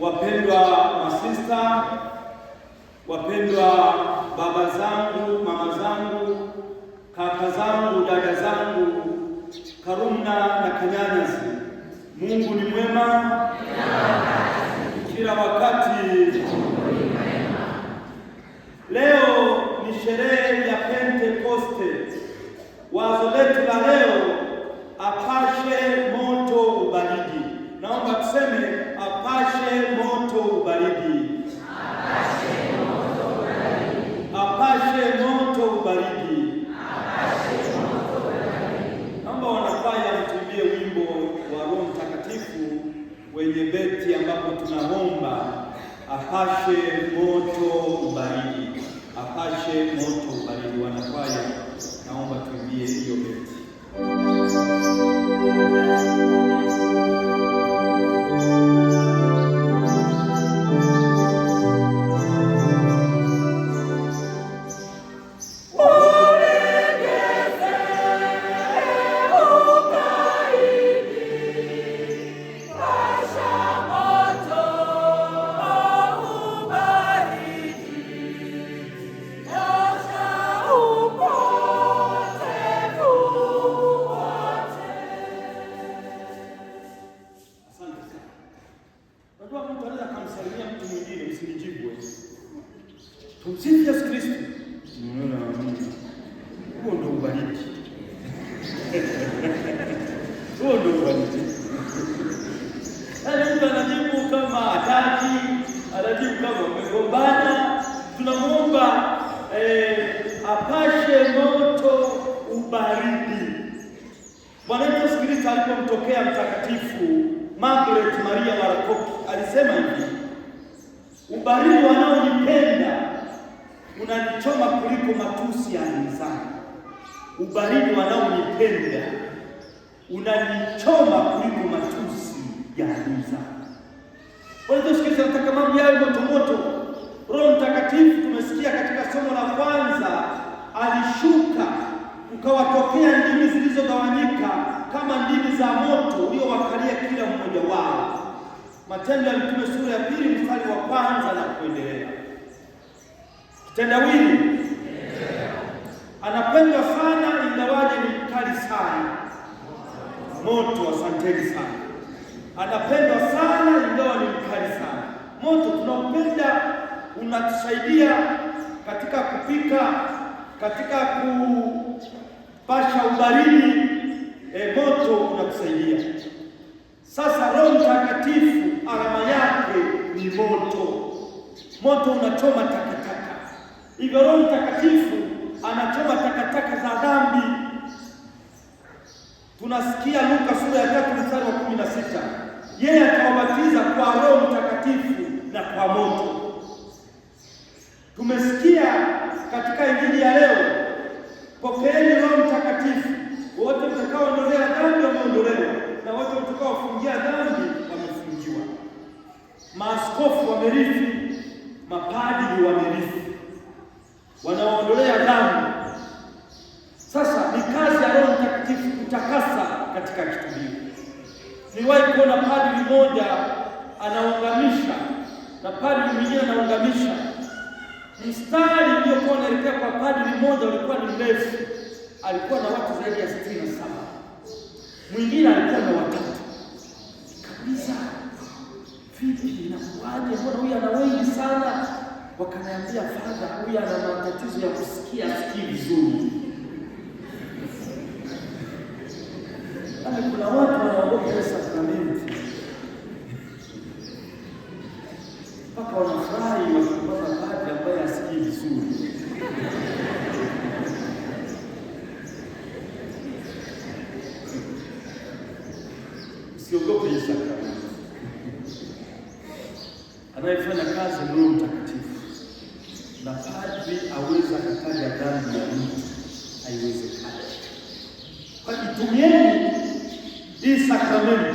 Wapendwa masista, wapendwa baba zangu, mama zangu, kaka zangu, dada zangu, karumna na kanyanyazi, Mungu ni mwema kila wakati. Leo ni sherehe ya Pentekoste. Wazo letu la leo kwenye beti ambapo tunaomba apashe moto baridi, apashe moto baridi. Wanakwaya, naomba tuimbie hiyo beti. baridi. Bwana Yesu Kristo alipomtokea Mtakatifu Margaret Maria Warakoki alisema hivi, ubaridi wanaonipenda unanichoma kuliko matusi ya nzani. Ubaridi wanaonipenda unanichoma kuliko matusi ya nzani. Bwana Yesu Kristo anataka mambo yayo motomoto. Roho Mtakatifu tumesikia katika somo la kwanza alishuka ukawatokea ndimi zilizogawanyika kama ndimi za moto uliowakalia kila mmoja wao. Matendo ya Mitume sura ya pili mstari wa kwanza na kuendelea. Kitendawili anapendwa sana, ingawaje ni mkali sana moto. Asanteni sana. Anapendwa sana, ingawa ni mkali sana moto. Tunaupenda, unatusaidia katika kupika, katika ku pasha ubaridi e, moto unakusaidia. Sasa Roho Mtakatifu alama yake ni moto. Moto unachoma takataka, hivyo Roho Mtakatifu anachoma takataka za dhambi. Tunasikia Luka sura ya tatu mstari wa kumi na sita yeye atawabatiza kwa Roho Mtakatifu na kwa moto. Tumesikia katika injili ya leo Pokeeni Roho Mtakatifu, wote mtakaoondolea dhambi wameondolewa, na wote mtakaofungia dhambi wamefungiwa. Maaskofu wamerithi, mapadri wamerithi, wanaoondolea dhambi. Sasa ni kazi ya Roho Mtakatifu kutakasa katika kitubio. Niliwahi kuona padri mmoja anaungamisha na padri mwingine anaungamisha Mstari uliokuwa unaelekea kwa padri mmoja ulikuwa ni mrefu, alikuwa na watu zaidi ya sitini na saba. Mwingine alikuwa na watatu kabisa. Vipi, inakuaje? Mbona huyu ana wengi sana? Wakaniambia, fadha, huyu ana matatizo ya kusikia, sikii vizuri. Yaani kuna watu wanaogopa usiogope Yesu akaweza. Anayefanya kazi ni Roho Mtakatifu, na padri aweza akataja dhambi ya mtu, haiwezekani. Kwa hiyo hii sakramenti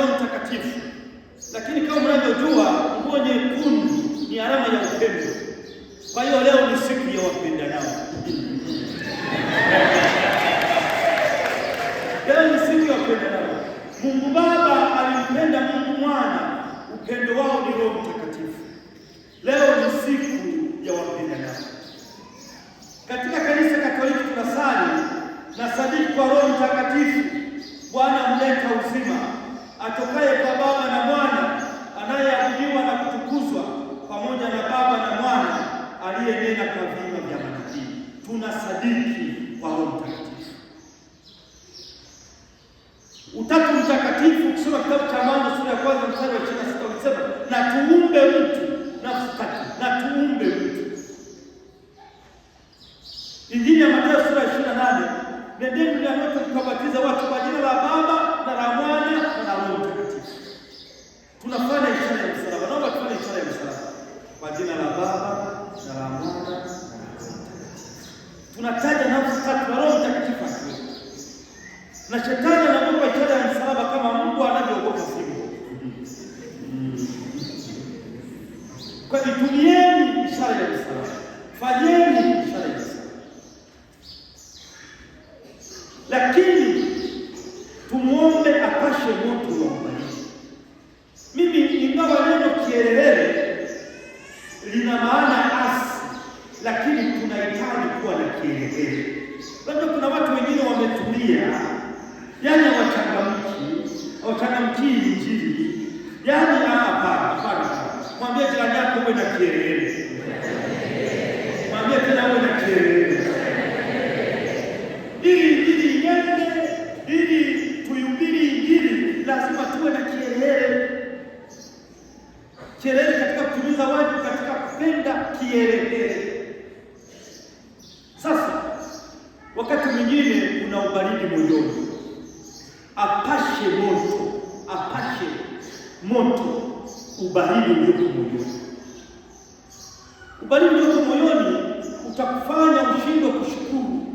Roho Mtakatifu. Lakini kama unavyojua, nguo nyekundu ni alama ya upendo. Kwa hiyo leo ni siku ya wapendanao. Kwa hiyo tumieni ishara ya msalaba, fanyeni ishara kielelezo. Sasa wakati mwingine kuna ubaridi moyoni, apashe moto, apashe moto ubaridi ulioko moyoni. Ubaridi ulioko moyoni utakufanya ushindwe kushukuru,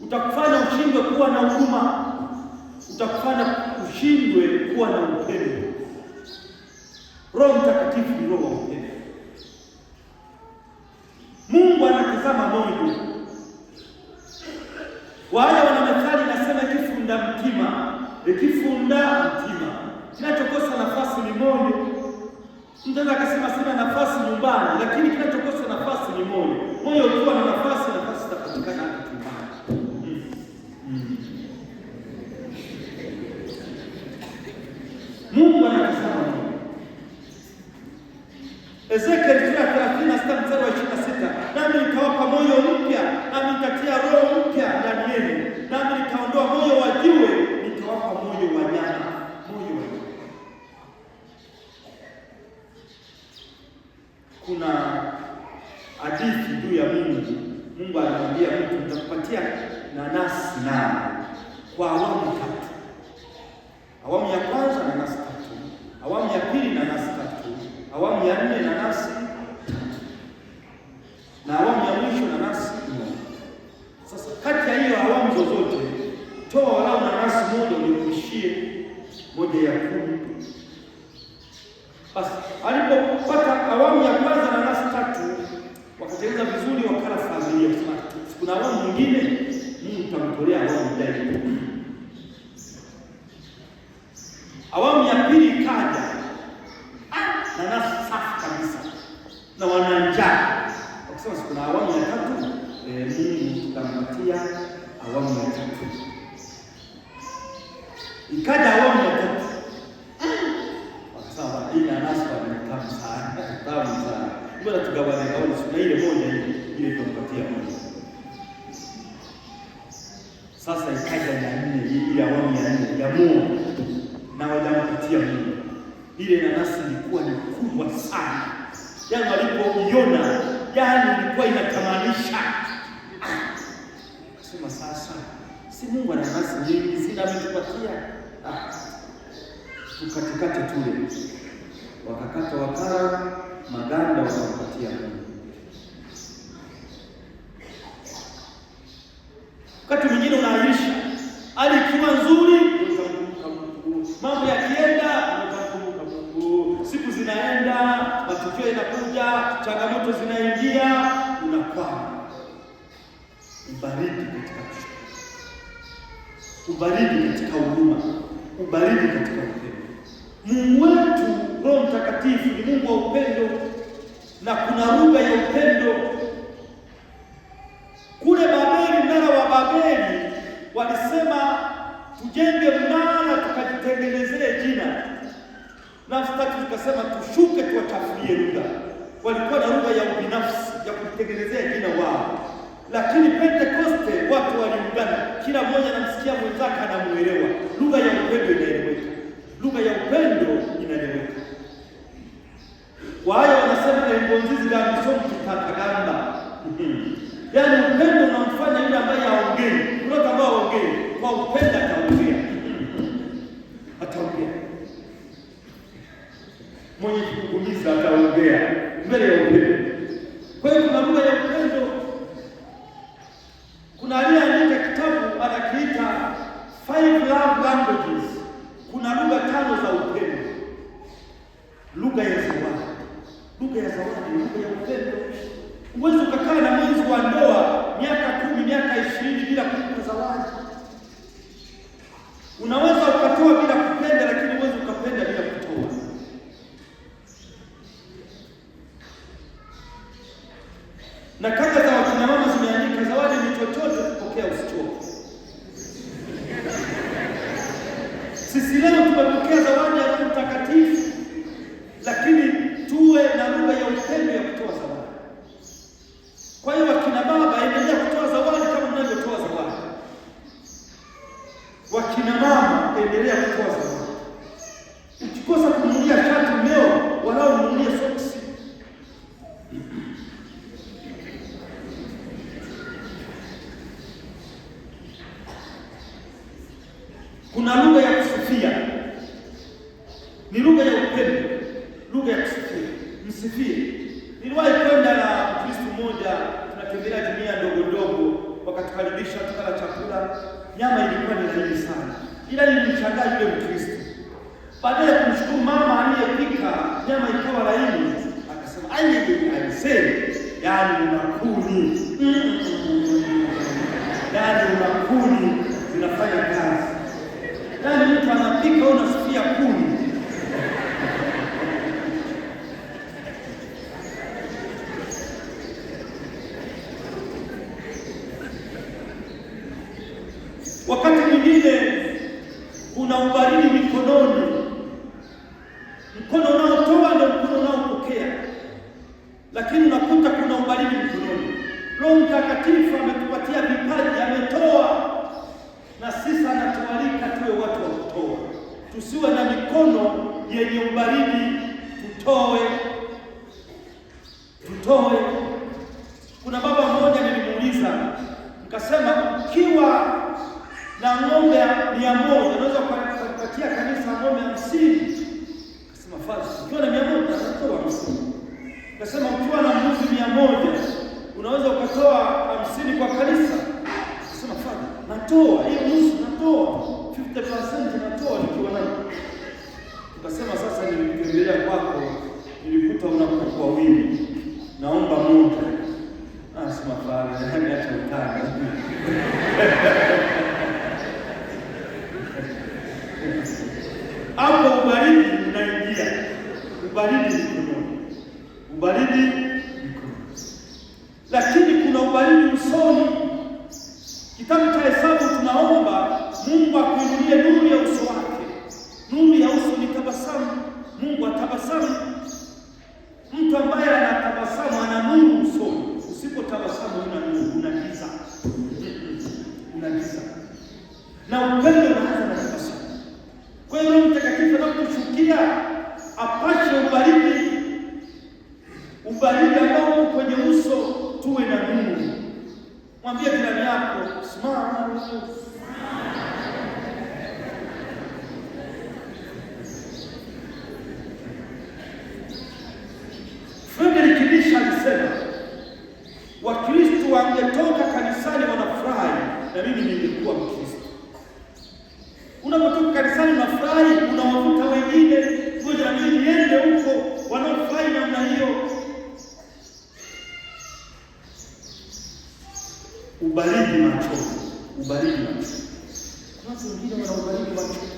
utakufanya ushindwe kuwa na huruma, utakufanya ushindwe kuwa na upendo. Roho Mtakatifu ni roho wa upendo. kama moja. Wale wana methali nasema ikifunda mtima, ikifunda mtima, kinachokosa nafasi ni moyo. Mtu akasema sina nafasi nyumbani, lakini kinachokosa nafasi ni moyo. Moyo ukiwa na nafasi, nafasi itapatikana. roho mpya ndani yenu, nami nitaondoa moyo wa jiwe nikawapa moyo wa nyama, moyo wa Kuna hadithi juu ya Mungu. Mungu alimwambia mtu, nitakupatia nanasi nane kwa awamu tatu. Awamu ya kwanza nanasi basi moja nikuishie moja ya kumi. Basi alipopata awamu ya kwanza na nasi tatu wakatengeneza vizuri, wakala familia kusema kuna awamu nyingine Mungu tamtolea awamu ijayo. Awamu ya pili kaja ah, na nasi safi kabisa na wananjaa njaa, wakisema kuna awamu ya tatu eh, Mungu tutampatia awamu ya tatu kaja aone watoto wakasema, hii nanasi wamekama sana tamu sana, mbona tugawane gawane na ile moja ile ile tumpatia moja. Sasa ikaja ya nne, ile awamu ya nne ya mua na wajampatia Mungu. Ile nanasi ilikuwa ni kubwa sana, yaani walipoiona, yaani ilikuwa inatamanisha. Akasema sasa, si Mungu ana nanasi nyingi, sina mimi kupatia ukatikati tule, wakakata wakara maganda wakampatia Wakati mwingine unaanisha hali ikiwa nzuri, mambo yakienda, siku zinaenda, matukio yanakuja, changamoto zinaingia, unakwama. Ubaridi katika ubaridi katika huduma ubaridi katika upendo. Mungu wetu Roho Mtakatifu ni Mungu wa upendo, na kuna lugha ya upendo. Kule Babeli, mnara wa Babeli, walisema tujenge mnara tukajitengenezee jina, na sitaki tukasema tushuke tuwachafulie lugha. Walikuwa na lugha ya ubinafsi ya kutengenezea jina wao lakini Pentekoste watu waliungana, kila mmoja anamsikia mwenzake, anamuelewa. Lugha ya upendo inaeleweka, lugha ya upendo inaeleweka. Kwa haya wanasema naibonzizi gamisomukitakagamba yaani upendo unamfanya yule ambaye aongee kulote ambao aongee kwa upendo ataongea, ataongea mwenye kukugumiza ataongea mbele ya upendo. Kwa hiyo kuna lugha ya upendo amekuja kutenda. Huwezi ukakaa na mwenzi wa ndoa miaka kumi, miaka ishirini bila kumpa zawadi. Unaweza wakina mama, pendelea kupoza. Ukikosa kumwambia shati meu. ndani una kuni, ndani una kuni zinafanya kazi, ndani mtu anapika, unasikia kuni tusiwe na mikono yenye ubaridi, tutoe tutoe. Kuna baba mmoja nilimuuliza, nikasema ukiwa na ng'ombe mia moja unaweza kupatia kanisa ng'ombe hamsini? Akasema fadhili. Ukiwa na mia moja unatoa hamsini. Nikasema ukiwa na mbuzi mia moja unaweza ukatoa hamsini kwa kanisa? Akasema fadhili, natoa hiyo nusu, natoa 100% natoa nikiwa nayo. Tukasema sasa, nilikutembelea kwako, nilikuta unakuwa wingi, naomba Mungu asimafari ah, acha utani kusikia, apache ubaridi, ubaridi ambao kwenye uso tuwe na Mungu. Mwambie jirani yako simama ubaridi macho, ubaridi machozi. Kuna watu wengine wana ubaridi machozi.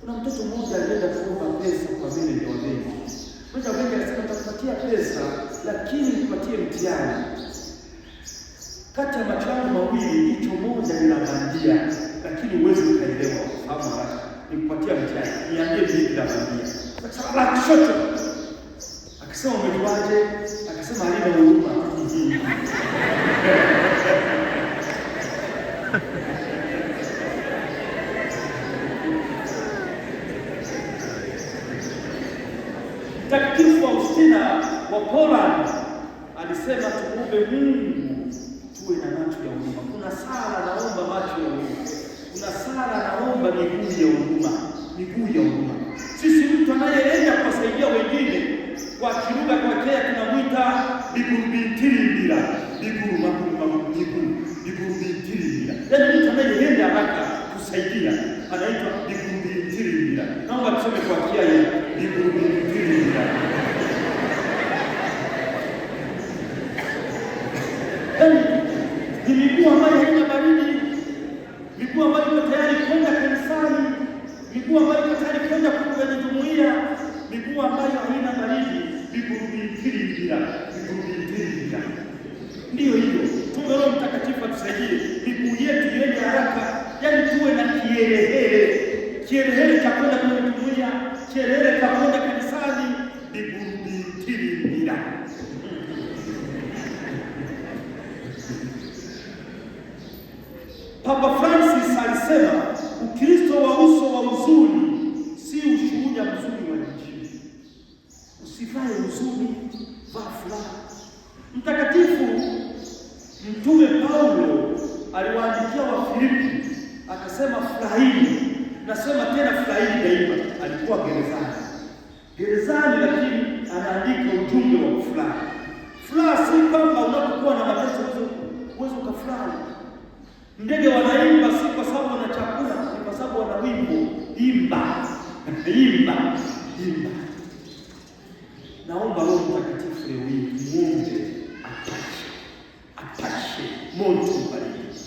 Kuna mtoto mmoja alienda kuomba pesa kwa vile wa benki. Meneja wa benki alisema nitakupatia pesa, lakini nipatie mtihani. Kati ya macho yangu mawili jicho moja ni la lakini huwezi ukaelewa ama haraka. Nikupatia mtihani, niambie vipi la bandia? Akasema la kishoto. Akasema umejuaje? Akasema alina mtakatifu wa Ustina wa Poland alisema tuombe Mungu tuwe na macho ya huruma. Kuna sala naomba macho ya huruma, kuna sala naomba miguu ya huruma, miguu ya huruma. Zilikuwa maji ya baridi usivae huzuni, vaa furaha. Mtakatifu Mtume Paulo aliwaandikia Wafilipi akasema, furahini, nasema tena furahini daima. Alikuwa gerezani, gerezani, lakini anaandika ujumbe wa kufurahi. Furaha si kwamba unapokuwa na mateso uweze ukafurahi. Ndege wanaimba si kwa sababu wana chakula, ni kwa sababu wana wimbo. Imba, imba, imba. Naomba Roho Mtakatifu leo hii muombe apashe, apashe moto ubariki.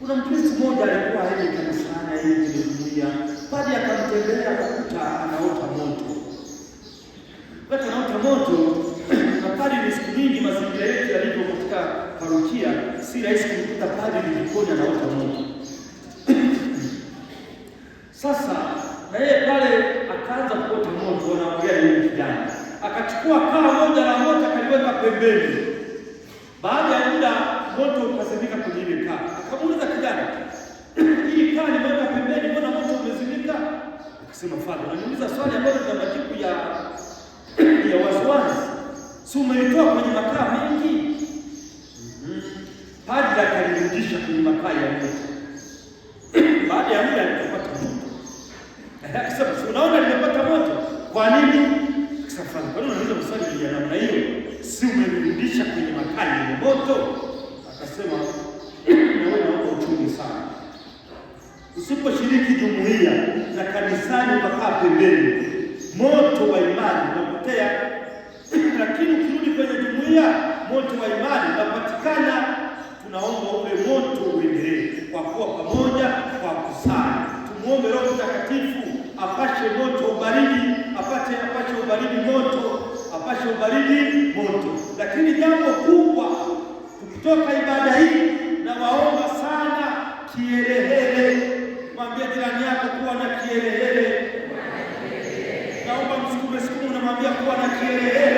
Kuna Mkristo mmoja alikuwa haendi kanisani, haendi kuhudhuria, padri akamtembelea akakuta anaota moto, wakati anaota moto na padri, ni siku nyingi mazingira yetu yalivyo katika parokia, si rahisi kumkuta padri nikoni anaota moto. Sasa na yeye pale akaanza kuota moto, wanaongea na yule kijana akachukua kaa moja la moto akaliweka pembeni. Baada ya muda moto ukazimika kwenye ile kaa. Akamuuliza kijana, hii kaa nimeweka pembeni, mbona moto umezimika? Akasema, Fadha, unaniuliza swali ambalo lina majibu ya ya wasiwasi, si umeitoa kwenye makaa mengi? Mhm. Padri akalirudisha kwenye makaa ya moto hali ya moto? Akasema naona uko uchungu sana, usiposhiriki jumuiya na kanisani utakaa pembeni, moto wa imani unapotea. Lakini ukirudi kwenye jumuiya, moto wa imani unapatikana. Tunaomba ule moto uendelee kwa kuwa pamoja, kwa kusali. Tumwombe Roho Mtakatifu apashe moto ubaridi, apate apashe ubaridi moto upashe ubaridi moto. Lakini jambo kubwa kutoka ibada hii, na waomba sana kielehele. Mwambie jirani yako kuwa na kielehele, naomba msukume sukumu, namwambia kuwa na kielehele.